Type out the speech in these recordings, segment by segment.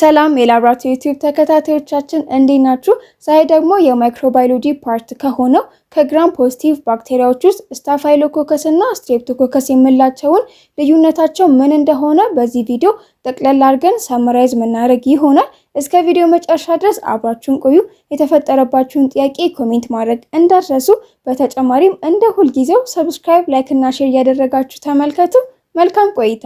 ሰላም የላብራቶሪ ዩቲዩብ ተከታታዮቻችን እንዴት ናችሁ? ዛሬ ደግሞ የማይክሮባዮሎጂ ፓርት ከሆነው ከግራም ፖዚቲቭ ባክቴሪያዎች ውስጥ ስታፋይሎኮከስ እና ስትሬፕቶኮከስ የምላቸውን ልዩነታቸው ምን እንደሆነ በዚህ ቪዲዮ ጠቅለል አድርገን ሰመራይዝ መናደረግ ይሆናል። እስከ ቪዲዮ መጨረሻ ድረስ አብራችሁን ቆዩ። የተፈጠረባችሁን ጥያቄ ኮሜንት ማድረግ እንዳትረሱ። በተጨማሪም እንደ ሁልጊዜው ሰብስክራይብ፣ ላይክ እና ሼር እያደረጋችሁ ተመልከቱ። መልካም ቆይታ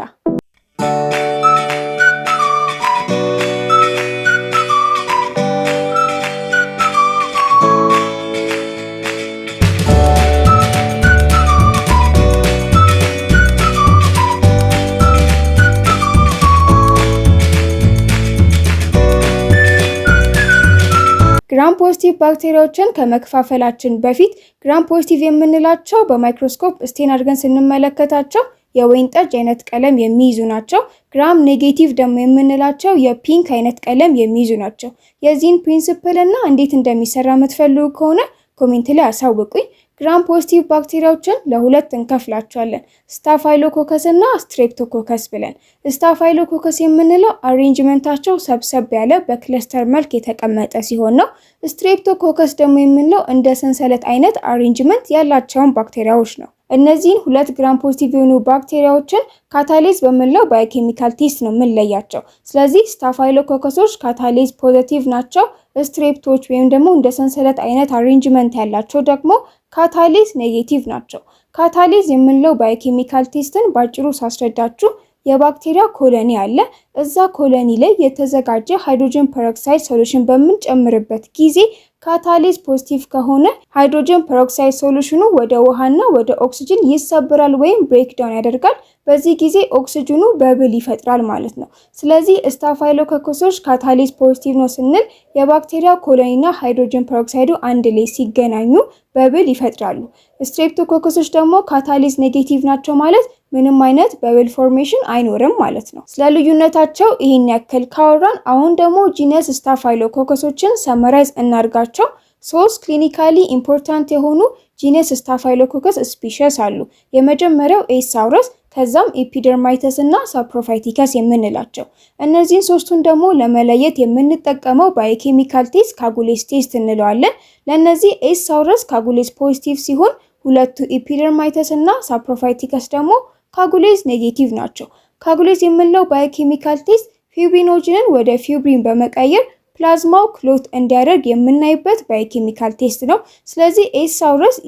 ግራም ፖዚቲቭ ባክቴሪያዎችን ከመከፋፈላችን በፊት ግራም ፖዚቲቭ የምንላቸው በማይክሮስኮፕ ስቴን አድርገን ስንመለከታቸው የወይን ጠጅ አይነት ቀለም የሚይዙ ናቸው። ግራም ኔጌቲቭ ደግሞ የምንላቸው የፒንክ አይነት ቀለም የሚይዙ ናቸው። የዚህን ፕሪንስፕል እና እንዴት እንደሚሰራ የምትፈልጉ ከሆነ ኮሜንት ላይ አሳውቁኝ። ግራም ፖዚቲቭ ባክቴሪያዎችን ለሁለት እንከፍላቸዋለን፣ ስታፋይሎኮከስ እና ስትሬፕቶኮከስ ብለን። ስታፋይሎኮከስ የምንለው አሬንጅመንታቸው ሰብሰብ ያለ በክለስተር መልክ የተቀመጠ ሲሆን ነው። ስትሬፕቶኮከስ ደግሞ የምንለው እንደ ሰንሰለት አይነት አሬንጅመንት ያላቸውን ባክቴሪያዎች ነው። እነዚህን ሁለት ግራም ፖዚቲቭ የሆኑ ባክቴሪያዎችን ካታሊዝ በምንለው ባዮኬሚካል ቴስት ነው የምንለያቸው። ስለዚህ ስታፋይሎኮከሶች ካታሊዝ ፖዘቲቭ ናቸው። ስትሬፕቶች ወይም ደግሞ እንደ ሰንሰለት አይነት አሬንጅመንት ያላቸው ደግሞ ካታሊዝ ኔጌቲቭ ናቸው። ካታሊዝ የምንለው ባዮኬሚካል ቴስትን በአጭሩ ሳስረዳችሁ የባክቴሪያ ኮሎኒ አለ። እዛ ኮሎኒ ላይ የተዘጋጀ ሃይድሮጅን ፐሮክሳይድ ሶሉሽን በምንጨምርበት ጊዜ ካታሊስ ፖዚቲቭ ከሆነ ሃይድሮጀን ፐሮክሳይድ ሶሉሽኑ ወደ ውሃና ወደ ኦክሲጅን ይሰብራል ወይም ብሬክዳውን ያደርጋል። በዚህ ጊዜ ኦክሲጅኑ በብል ይፈጥራል ማለት ነው። ስለዚህ ስታፋይሎኮኮሶች ካታሊስ ፖዚቲቭ ነው ስንል የባክቴሪያ ኮሎኒና ሃይድሮጀን ፐሮክሳይዱ አንድ ላይ ሲገናኙ በብል ይፈጥራሉ። ስትሬፕቶኮኮሶች ደግሞ ካታሊስ ኔጌቲቭ ናቸው ማለት ምንም አይነት በብል ፎርሜሽን አይኖርም ማለት ነው። ስለ ልዩነታቸው ይህን ያክል ካወራን አሁን ደግሞ ጂነስ ስታፋይሎኮከሶችን ሰመራይዝ እናርጋቸው ሶስት ክሊኒካሊ ኢምፖርታንት የሆኑ ጂነስ ስታፋይሎኮከስ ስፒሸስ አሉ። የመጀመሪያው ኤሳውረስ፣ ከዛም ኤፒደርማይተስ እና ሳፕሮፋይቲከስ የምንላቸው። እነዚህን ሶስቱን ደግሞ ለመለየት የምንጠቀመው ባዮኬሚካል ቴስት ካጉሌስ ቴስት እንለዋለን። ለእነዚህ ኤሳውረስ ካጉሌስ ፖዚቲቭ ሲሆን ሁለቱ ኢፒደርማይተስ እና ሳፕሮፋይቲከስ ደግሞ ካጉሌዝ ኔጌቲቭ ናቸው። ካጉሌዝ የምንለው ባዮኬሚካል ቴስት ፊብሪኖጅንን ወደ ፊብሪን በመቀየር ፕላዝማው ክሎት እንዲያደርግ የምናይበት ባዮኬሚካል ቴስት ነው። ስለዚህ ኤስ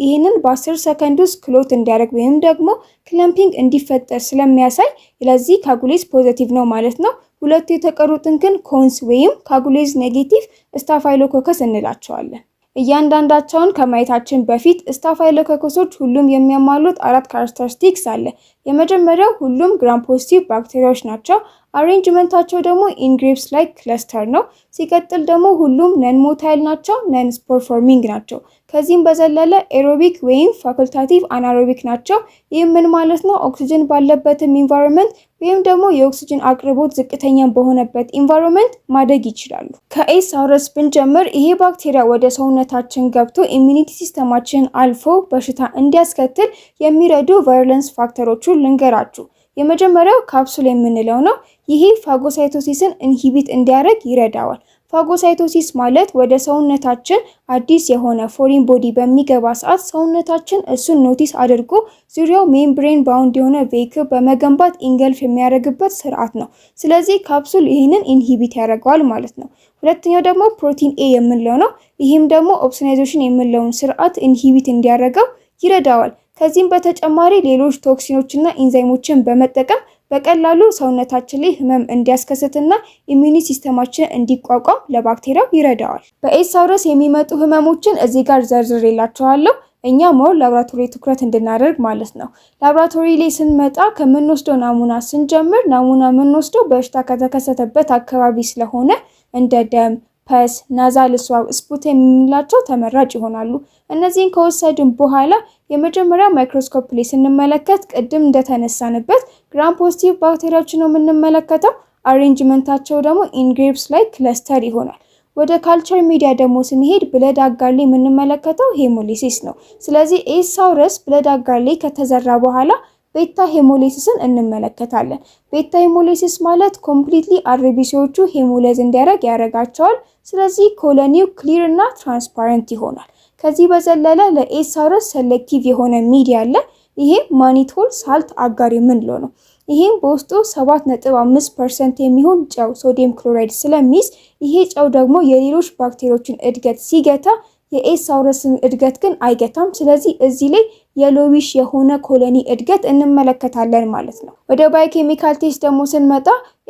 ይህንን በ10 ሰከንድ ውስጥ ክሎት እንዲያደርግ ወይም ደግሞ ክለምፒንግ እንዲፈጠር ስለሚያሳይ ለዚህ ካጉሌዝ ፖዘቲቭ ነው ማለት ነው። ሁለቱ የተቀሩትን ግን ኮንስ ወይም ካጉሌዝ ኔጌቲቭ ስታፋይሎኮከስ እንላቸዋለን። እያንዳንዳቸውን ከማየታችን በፊት ስታፍ ሃይሎኮከሶች ሁሉም የሚያሟሉት አራት ካራክተሪስቲክስ አለ። የመጀመሪያው ሁሉም ግራም ፖዚቲቭ ባክቴሪያዎች ናቸው። አሬንጅመንታቸው ደግሞ ኢንግሪፕስ ላይ ክለስተር ነው። ሲቀጥል ደግሞ ሁሉም ነን ሞታይል ናቸው፣ ነን ስፖር ፎርሚንግ ናቸው። ከዚህም በዘለለ ኤሮቢክ ወይም ፋኩልታቲቭ አናሮቢክ ናቸው። ይህም ምን ማለት ነው? ኦክሲጅን ባለበትም ኢንቫይሮንመንት ወይም ደግሞ የኦክሲጅን አቅርቦት ዝቅተኛ በሆነበት ኢንቫይሮንመንት ማደግ ይችላሉ። ከኤስ አውረስ ብንጀምር ይሄ ባክቴሪያ ወደ ሰውነታችን ገብቶ ኢሚኒቲ ሲስተማችን አልፎ በሽታ እንዲያስከትል የሚረዱ ቫይለንስ ፋክተሮቹን ልንገራችሁ። የመጀመሪያው ካፕሱል የምንለው ነው። ይሄ ፋጎሳይቶሲስን ኢንሂቢት እንዲያደርግ ይረዳዋል። ፋጎሳይቶሲስ ማለት ወደ ሰውነታችን አዲስ የሆነ ፎሪን ቦዲ በሚገባ ሰዓት ሰውነታችን እሱን ኖቲስ አድርጎ ዙሪያው ሜምብሬን ባውንድ የሆነ ቬክ በመገንባት ኢንገልፍ የሚያደርግበት ስርዓት ነው። ስለዚህ ካፕሱል ይህንን ኢንሂቢት ያደርገዋል ማለት ነው። ሁለተኛው ደግሞ ፕሮቲን ኤ የምንለው ነው። ይህም ደግሞ ኦፕሲናይዜሽን የምንለውን ስርዓት ኢንሂቢት እንዲያደርገው ይረዳዋል። ከዚህም በተጨማሪ ሌሎች ቶክሲኖችና ኢንዛይሞችን በመጠቀም በቀላሉ ሰውነታችን ላይ ህመም እንዲያስከስትና ኢሚኒ ሲስተማችን እንዲቋቋም ለባክቴሪያው ይረዳዋል። በኤስ የሚመጡ ህመሞችን እዚህ ጋር ዘርዝሬላችኋለሁ። እኛ ሞር ላብራቶሪ ትኩረት እንድናደርግ ማለት ነው። ላብራቶሪ ላይ ስንመጣ ከምንወስደው ናሙና ስንጀምር ናሙና የምንወስደው በሽታ ከተከሰተበት አካባቢ ስለሆነ እንደ ደም፣ ፐስ፣ ናዛል ስዋብ፣ ስፑት የምንላቸው ተመራጭ ይሆናሉ። እነዚህን ከወሰድን በኋላ የመጀመሪያ ማይክሮስኮፕ ላይ ስንመለከት ቅድም እንደተነሳንበት ግራም ፖዚቲቭ ባክቴሪያዎችን ነው የምንመለከተው። አሬንጅመንታቸው ደግሞ ኢንግሬፕስ ላይ ክለስተር ይሆናል። ወደ ካልቸር ሚዲያ ደግሞ ስንሄድ ብለድ አጋሌ የምንመለከተው ሄሞሊሲስ ነው። ስለዚህ ኤሳውረስ ብለድ አጋሌ ከተዘራ በኋላ ቤታ ሄሞሊሲስን እንመለከታለን። ቤታ ሄሞሊሲስ ማለት ኮምፕሊትሊ አርቢሲዎቹ ሄሞሌዝ እንዲያደርግ ያደርጋቸዋል። ስለዚህ ኮሎኒው ክሊር እና ትራንስፓረንት ይሆናል። ከዚህ በዘለለ ለኤሳውረስ ሰሌክቲቭ የሆነ ሚዲያ አለ። ይሄ ማኒቶል ሳልት አጋር የምንለው ነው። ይህም በውስጡ 7.5 ፐርሰንት የሚሆን ጨው ሶዲየም ክሎራይድ ስለሚይዝ ይሄ ጨው ደግሞ የሌሎች ባክቴሪያዎችን እድገት ሲገታ የኤሳውረስን እድገት ግን አይገታም። ስለዚህ እዚህ ላይ የሎዊሽ የሆነ ኮሎኒ እድገት እንመለከታለን ማለት ነው። ወደ ባዮኬሚካል ቴስት ደግሞ ስንመጣ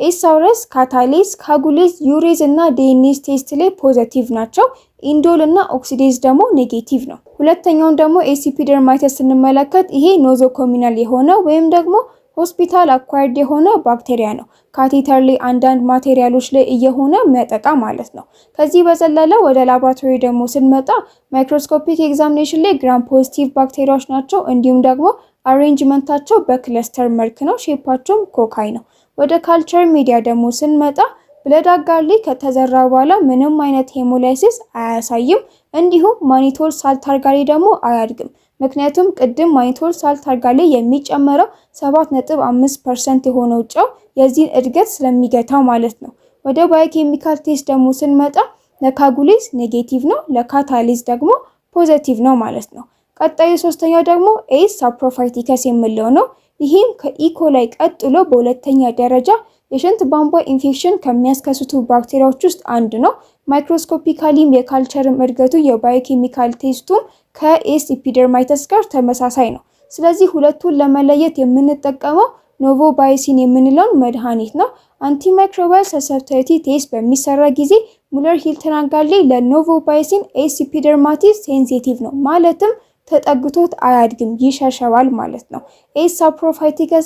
ኤሳውረስ ካታሌስ፣ ካጉሌዝ፣ ዩሬዝ እና ዴኒስ ቴስት ላይ ፖዘቲቭ ናቸው። ኢንዶል እና ኦክሲዴዝ ደግሞ ኔጌቲቭ ነው። ሁለተኛውን ደግሞ ኤሲፒደርማይተስ ስንመለከት ይሄ ኖዞኮሚናል የሆነ ወይም ደግሞ ሆስፒታል አኳርድ የሆነ ባክቴሪያ ነው። ካቴተር ላይ አንዳንድ ማቴሪያሎች ላይ እየሆነ የሚያጠቃ ማለት ነው። ከዚህ በዘለለ ወደ ላቦራቶሪ ደግሞ ስንመጣ ማይክሮስኮፒክ ኤግዛሚኔሽን ላይ ግራም ፖዚቲቭ ባክቴሪያዎች ናቸው። እንዲሁም ደግሞ አሬንጅመንታቸው በክለስተር መልክ ነው። ሼፓቸውም ኮካይ ነው። ወደ ካልቸር ሚዲያ ደግሞ ስንመጣ ብለድ አጋር ላይ ከተዘራ በኋላ ምንም አይነት ሄሞላይሲስ አያሳይም። እንዲሁም ማኒቶል ሳልታር ጋሪ ደግሞ አያድግም። ምክንያቱም ቅድም ማኒቶል ሳልት ታርጋ ላይ የሚጨመረው 7.5 ፐርሰንት የሆነው ጨው የዚህን እድገት ስለሚገታ ማለት ነው። ወደ ባዮኬሚካል ቴስት ደግሞ ስንመጣ ለካጉሌዝ ኔጌቲቭ ነው፣ ለካታሊዝ ደግሞ ፖዘቲቭ ነው ማለት ነው። ቀጣዩ ሶስተኛው ደግሞ ኤስ ሳፕሮፋይቲከስ የምለው ነው። ይህም ከኢኮላይ ቀጥሎ በሁለተኛ ደረጃ የሽንት ቧንቧ ኢንፌክሽን ከሚያስከስቱ ባክቴሪያዎች ውስጥ አንዱ ነው። ማይክሮስኮፒካሊም የካልቸርም እድገቱ የባዮኬሚካል ቴስቱም ከኤስ ኢፒደርማይተስ ጋር ተመሳሳይ ነው። ስለዚህ ሁለቱን ለመለየት የምንጠቀመው ኖቮ ባይሲን የምንለውን መድኃኒት ነው። አንቲማይክሮባል ሰሰብታዊቲ ቴስት በሚሰራ ጊዜ ሙለር ሂልተናጋሌ ለኖቮ ባይሲን ኤስ ኢፒደርማቲስ ሴንሲቲቭ ነው ማለትም ተጠግቶት አያድግም፣ ይሸሸዋል ማለት ነው። ኤስ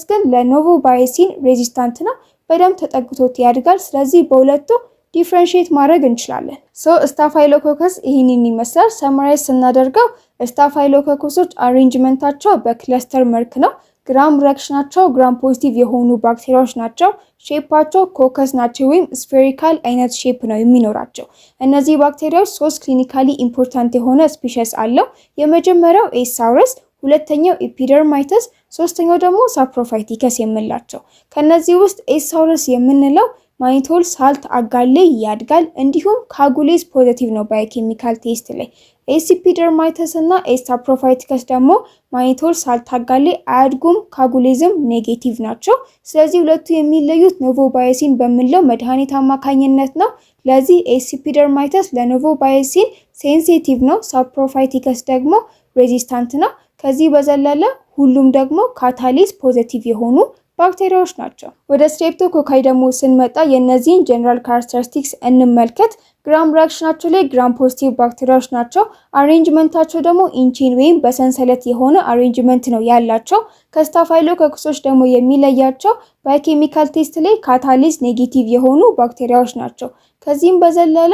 ግን ለኖቮ ባይሲን ሬዚስታንት ነው፣ በደንብ ተጠግቶት ያድጋል። ስለዚህ በሁለቱ ዲፍረንሽት ማድረግ እንችላለን። ሶ ስታፋይሎኮከስ ይህንን ይመስላል። ሰማራይዝ ስናደርገው ስታፋይሎኮከሶች አሬንጅመንታቸው በክለስተር መልክ ነው። ግራም ረክሽ ግራም ፖዚቲቭ የሆኑ ባክቴሪያዎች ናቸው። ሼፓቸው ኮከስ ናቸው ወይም ስፌሪካል አይነት ሼፕ ነው የሚኖራቸው። እነዚህ ባክቴሪያዎች ሶስት ክሊኒካሊ ኢምፖርታንት የሆነ ስፒሸስ አለው። የመጀመሪያው ኤሳውረስ፣ ሁለተኛው ኤፒደርማይተስ፣ ሶስተኛው ደግሞ ሳፕሮፋይቲከስ የምንላቸው። ከነዚህ ውስጥ ኤሳውረስ የምንለው ማኒቶል ሳልት አጋሌ ያድጋል። እንዲሁም ካጉሌዝ ፖዘቲቭ ነው ባዮኬሚካል ቴስት ላይ ኤሲፒ ደርማይተስ እና ኤስታፕሮፋይቲከስ ደግሞ ማኒቶል ሳልታጋሌ አያድጉም፣ ካጉሊዝም ኔጌቲቭ ናቸው። ስለዚህ ሁለቱ የሚለዩት ኖቮባየሲን በምንለው መድኃኒት አማካኝነት ነው። ለዚህ ኤሲፒ ደርማይተስ ለኖቮባየሲን ሴንሲቲቭ ነው፣ ሳፕሮፋይቲከስ ደግሞ ሬዚስታንት ነው። ከዚህ በዘለለ ሁሉም ደግሞ ካታሊስ ፖዘቲቭ የሆኑ ባክቴሪያዎች ናቸው። ወደ ስትሬፕቶኮካይ ደግሞ ስንመጣ የእነዚህን ጀነራል ካራክተሪስቲክስ እንመልከት። ግራም ሪያክሽናቸው ላይ ግራም ፖዚቲቭ ባክቴሪያዎች ናቸው። አሬንጅመንታቸው ደግሞ ኢንቼን ወይም በሰንሰለት የሆነ አሬንጅመንት ነው ያላቸው። ከስታፋይሎኮከሶች ደግሞ የሚለያቸው በኬሚካል ቴስት ላይ ካታሊዝ ኔጌቲቭ የሆኑ ባክቴሪያዎች ናቸው። ከዚህም በዘለለ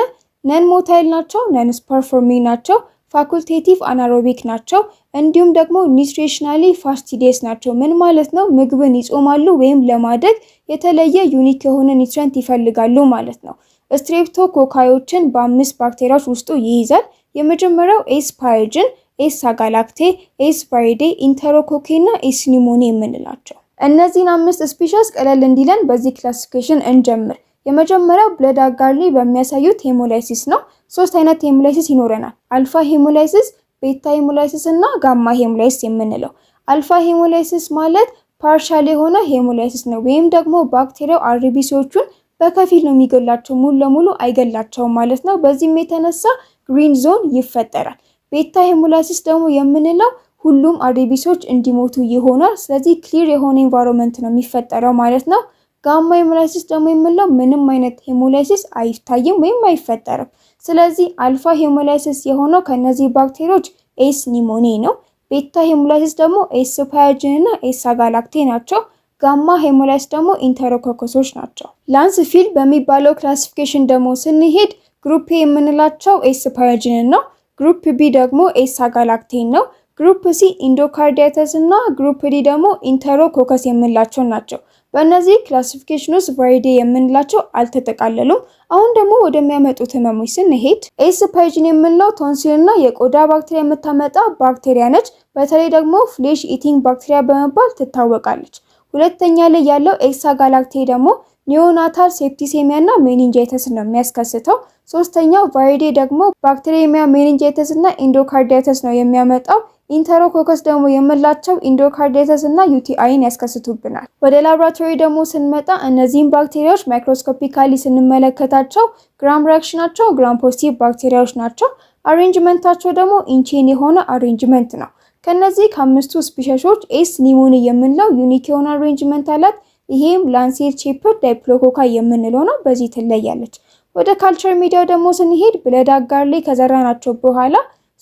ነን ሞታይል ናቸው፣ ነን ስፐርፎርሚንግ ናቸው ፋኩልቴቲቭ አናሮቢክ ናቸው። እንዲሁም ደግሞ ኒውትሪሽናሊ ፋስቲዴስ ናቸው። ምን ማለት ነው? ምግብን ይጾማሉ ወይም ለማደግ የተለየ ዩኒክ የሆነ ኒውትረንት ይፈልጋሉ ማለት ነው። ስትሬፕቶ ኮካዮችን በአምስት ባክቴሪያዎች ውስጡ ይይዛል። የመጀመሪያው ኤስ ፓዮጅን፣ ኤስ አጋላክቴ፣ ኤስ ቫይዴ፣ ኢንተሮኮኬ እና ኤስ ኒሞኔ የምንላቸው እነዚህን አምስት ስፒሻስ ቀለል እንዲለን በዚህ ክላሲፊኬሽን እንጀምር። የመጀመሪያው ብለድ አጋር በሚያሳዩት ሄሞላይሲስ ነው። ሶስት አይነት ሄሞላይሲስ ይኖረናል። አልፋ ሄሞላይሲስ፣ ቤታ ሄሞላይሲስ እና ጋማ ሄሞላይሲስ የምንለው። አልፋ ሄሞላይሲስ ማለት ፓርሻል የሆነ ሄሞላይሲስ ነው። ወይም ደግሞ ባክቴሪያው አርቢሲዎቹን በከፊል ነው የሚገላቸው፣ ሙሉ ለሙሉ አይገላቸውም ማለት ነው። በዚህም የተነሳ ግሪን ዞን ይፈጠራል። ቤታ ሄሞላይሲስ ደግሞ የምንለው ሁሉም አርቢሲዎች እንዲሞቱ ይሆናል። ስለዚህ ክሊር የሆነ ኢንቫይሮንመንት ነው የሚፈጠረው ማለት ነው። ጋማ ሄሞላይሲስ ደግሞ የምንለው ምንም አይነት ሄሞላይሲስ አይታይም ወይም አይፈጠርም። ስለዚህ አልፋ ሄሞላይሲስ የሆነው ከነዚህ ባክቴሪያዎች ኤስ ኒሞኔ ነው። ቤታ ሄሞላይሲስ ደግሞ ኤስ ፓያጅን እና ኤስ አጋላክቴ ናቸው። ጋማ ሄሞላይሲስ ደግሞ ኢንተሮኮኮሶች ናቸው። ላንስ ፊል በሚባለው ክላሲፊኬሽን ደግሞ ስንሄድ ግሩፕ ኤ የምንላቸው ኤስ ፓያጅን ነው። ግሩፕ ቢ ደግሞ ኤስ አጋላክቴን ነው። ግሩፕ ሲ ኢንዶካርዲያተስ እና ግሩፕ ዲ ደግሞ ኢንተሮኮከስ የምንላቸው ናቸው። በእነዚህ ክላሲፊኬሽን ውስጥ ቫሪዴ የምንላቸው አልተጠቃለሉም። አሁን ደግሞ ወደሚያመጡት ህመሞች ስንሄድ ኤስ ፓይጅን የምንለው ቶንሲል እና የቆዳ ባክቴሪያ የምታመጣ ባክቴሪያ ነች። በተለይ ደግሞ ፍሌሽ ኢቲንግ ባክቴሪያ በመባል ትታወቃለች። ሁለተኛ ላይ ያለው ኤክሳ ጋላክቴ ደግሞ ኒዮናታል ሴፕቲሴሚያ እና ሜኒንጃይተስ ነው የሚያስከስተው። ሶስተኛው ቫሪዴ ደግሞ ባክቴሪሚያ ሜኒንጃይተስ እና ኢንዶካርዲያተስ ነው የሚያመጣው። ኢንተሮኮከስ ደግሞ የምላቸው ኢንዶካርዲተስ እና ዩቲአይን ያስከስቱብናል። ወደ ላብራቶሪ ደግሞ ስንመጣ እነዚህን ባክቴሪያዎች ማይክሮስኮፒካሊ ስንመለከታቸው ግራም ሪያክሽናቸው ግራም ፖዚቲቭ ባክቴሪያዎች ናቸው። አሬንጅመንታቸው ደግሞ ኢንቼን የሆነ አሬንጅመንት ነው። ከነዚህ ከአምስቱ ስፒሸሾች ኤስ ኒሞኒ የምንለው ዩኒክ የሆነ አሬንጅመንት አላት። ይሄም ላንሴት ቼፐር ዳይፕሎኮካ የምንለው ነው። በዚህ ትለያለች። ወደ ካልቸር ሚዲያው ደግሞ ስንሄድ ብለድ አጋር ላይ ከዘራናቸው በኋላ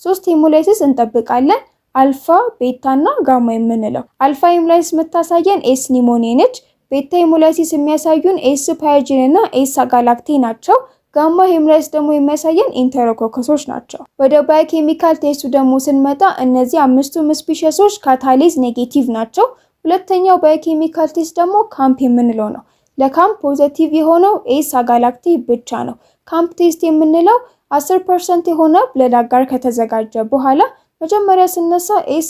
ሶስት ሄሞላይሲስ እንጠብቃለን። አልፋ ቤታና ጋማ የምንለው። አልፋ ኢምላይስ የምታሳየን ኤስ ኒሞኔ ነች። ቤታ ሄሞላይሲስ የሚያሳዩን ኤስ ፓያጂን እና ኤስ አጋላክቴ ናቸው። ጋማ ሄምላይስ ደግሞ የሚያሳየን ኢንተሮኮከሶች ናቸው። ወደ ባዮኬሚካል ቴስቱ ደግሞ ስንመጣ እነዚህ አምስቱም ስፒሸሶች ካታሌዝ ኔጌቲቭ ናቸው። ሁለተኛው ባዮኬሚካል ቴስት ደግሞ ካምፕ የምንለው ነው። ለካምፕ ፖዘቲቭ የሆነው ኤስ አጋላክቴ ብቻ ነው። ካምፕ ቴስት የምንለው 10 ፐርሰንት የሆነ ብለድ አጋር ከተዘጋጀ በኋላ መጀመሪያ ስነሳ ኤስ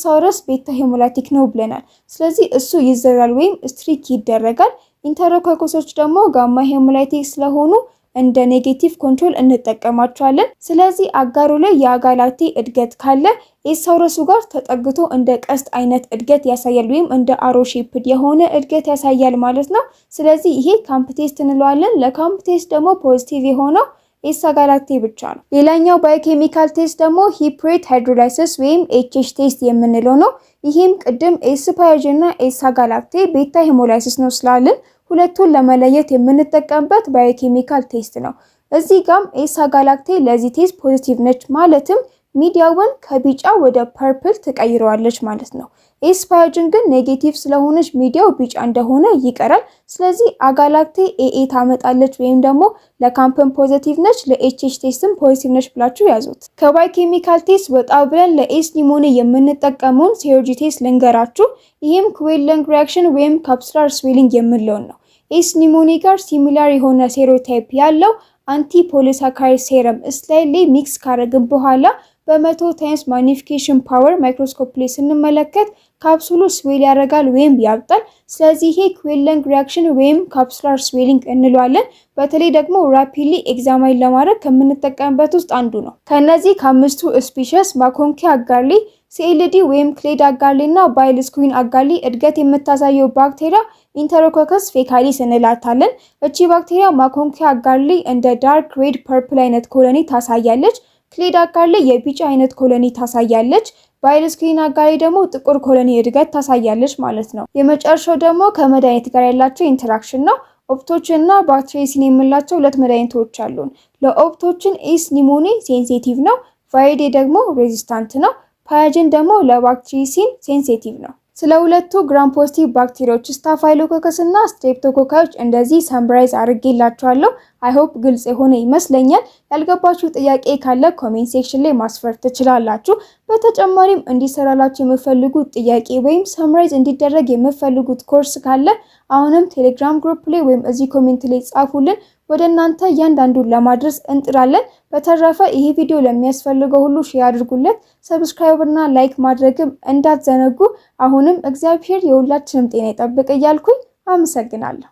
ቤታ ሄሞላቲክ ነው ብለናል። ስለዚህ እሱ ይዘራል ወይም ስትሪክ ይደረጋል። ኢንተሮኮኮሶች ደግሞ ጋማ ሄሞላይቲክ ስለሆኑ እንደ ኔጌቲቭ ኮንትሮል እንጠቀማቸዋለን። ስለዚህ አጋሩ ላይ የአጋላቴ እድገት ካለ ኤሳውረሱ ጋር ተጠግቶ እንደ ቀስት አይነት እድገት ያሳያል ወይም እንደ አሮ ሼፕድ የሆነ እድገት ያሳያል ማለት ነው። ስለዚህ ይሄ ካምፕ ቴስት እንለዋለን። ለካምፕቴስት ደግሞ ፖዚቲቭ የሆነው ኤሳጋላክቴ ብቻ ነው። ሌላኛው ባዮኬሚካል ቴስት ደግሞ ሂፕሬት ሃይድሮላይሲስ ወይም ኤችኤች ቴስት የምንለው ነው። ይህም ቅድም ኤስ ፓያጅ እና ኤሳጋላክቴ ቤታ ሄሞላይሲስ ነው ስላልን ሁለቱን ለመለየት የምንጠቀምበት ባዮኬሚካል ቴስት ነው። እዚህ ጋም ኤሳ ለዚህ ቴስት ፖዚቲቭ ነች ማለትም ሚዲያውን ከቢጫ ወደ ፐርፕል ትቀይረዋለች ማለት ነው። ኤስፓያጅን ግን ኔጌቲቭ ስለሆነች ሚዲያው ቢጫ እንደሆነ ይቀራል። ስለዚህ አጋላክቴ ኤኤ ታመጣለች ወይም ደግሞ ለካምፕን ፖዘቲቭ ነች፣ ለኤችኤች ቴስትም ፖዚቲቭ ነች ብላችሁ ያዙት። ከባይ ኬሚካል ቴስት ወጣ ብለን ለኤስ ሊሞኒ የምንጠቀመውን ሴሮጂ ቴስት ልንገራችሁ። ይህም ኩዌለንግ ሪያክሽን ወይም ካፕስላር ስዌሊንግ የምንለውን ነው። ኤስ ኒሞኒ ጋር ሲሚላር የሆነ ሴሮታይፕ ያለው አንቲ ፖሊሳካሪ ሴረም ስላይሌ ሚክስ ካረግን በኋላ በመቶ ታይምስ ማግኒፊኬሽን ፓወር ማይክሮስኮፕ ላይ ስንመለከት ካፕሱሉ ስዌል ያደርጋል ወይም ያብጣል። ስለዚህ ይሄ ኩዌለንግ ሪያክሽን ወይም ካፕሱላር ስዌሊንግ እንለዋለን። በተለይ ደግሞ ራፒድሊ ኤግዛማይን ለማድረግ ከምንጠቀምበት ውስጥ አንዱ ነው። ከነዚህ ከአምስቱ ስፒሸስ ማኮንኪ አጋርሊ፣ ሲኤልዲ ወይም ክሌድ አጋርሊ እና ባይል ስኩዊን አጋርሊ እድገት የምታሳየው ባክቴሪያ ኢንተሮኮከስ ፌካሊስ እንላታለን። እቺ ባክቴሪያ ማኮንኪ አጋርሊ እንደ ዳርክ ሬድ ፐርፕል አይነት ኮሎኒ ታሳያለች። ክሌድ አጋር ላይ የቢጫ አይነት ኮሎኒ ታሳያለች። በአይር ስክሪን አጋሪ ደግሞ ጥቁር ኮሎኒ እድገት ታሳያለች ማለት ነው። የመጨረሻው ደግሞ ከመድኃኒት ጋር ያላቸው ኢንተራክሽን ነው። ኦፕቶችን እና ባትሬሲን የምንላቸው ሁለት መድኃኒቶች አሉን። ለኦፕቶችን ኢስ ኒሞኒ ሴንሲቲቭ ነው። ቫይዴ ደግሞ ሬዚስታንት ነው። ፓያጅን ደግሞ ለባክትሪሲን ሴንሲቲቭ ነው። ስለ ሁለቱ ግራም ፖዚቲቭ ባክቴሪያዎች ስታፋይሎኮከስ እና ስትሬፕቶኮካዮች እንደዚህ ሰምብራይዝ አድርጌላቸዋለሁ። አይሆፕ ግልጽ የሆነ ይመስለኛል። ያልገባችሁ ጥያቄ ካለ ኮሜንት ሴክሽን ላይ ማስፈር ትችላላችሁ። በተጨማሪም እንዲሰራላችሁ የምፈልጉት ጥያቄ ወይም ሰምራይዝ እንዲደረግ የምፈልጉት ኮርስ ካለ አሁንም ቴሌግራም ግሩፕ ላይ ወይም እዚህ ኮሜንት ላይ ጻፉልን። ወደ እናንተ እያንዳንዱን ለማድረስ እንጥራለን። በተረፈ ይሄ ቪዲዮ ለሚያስፈልገው ሁሉ ሼር አድርጉለት። ሰብስክራይብ እና ላይክ ማድረግም እንዳትዘነጉ። አሁንም እግዚአብሔር የሁላችንም ጤና ይጠብቅ እያልኩኝ አመሰግናለሁ።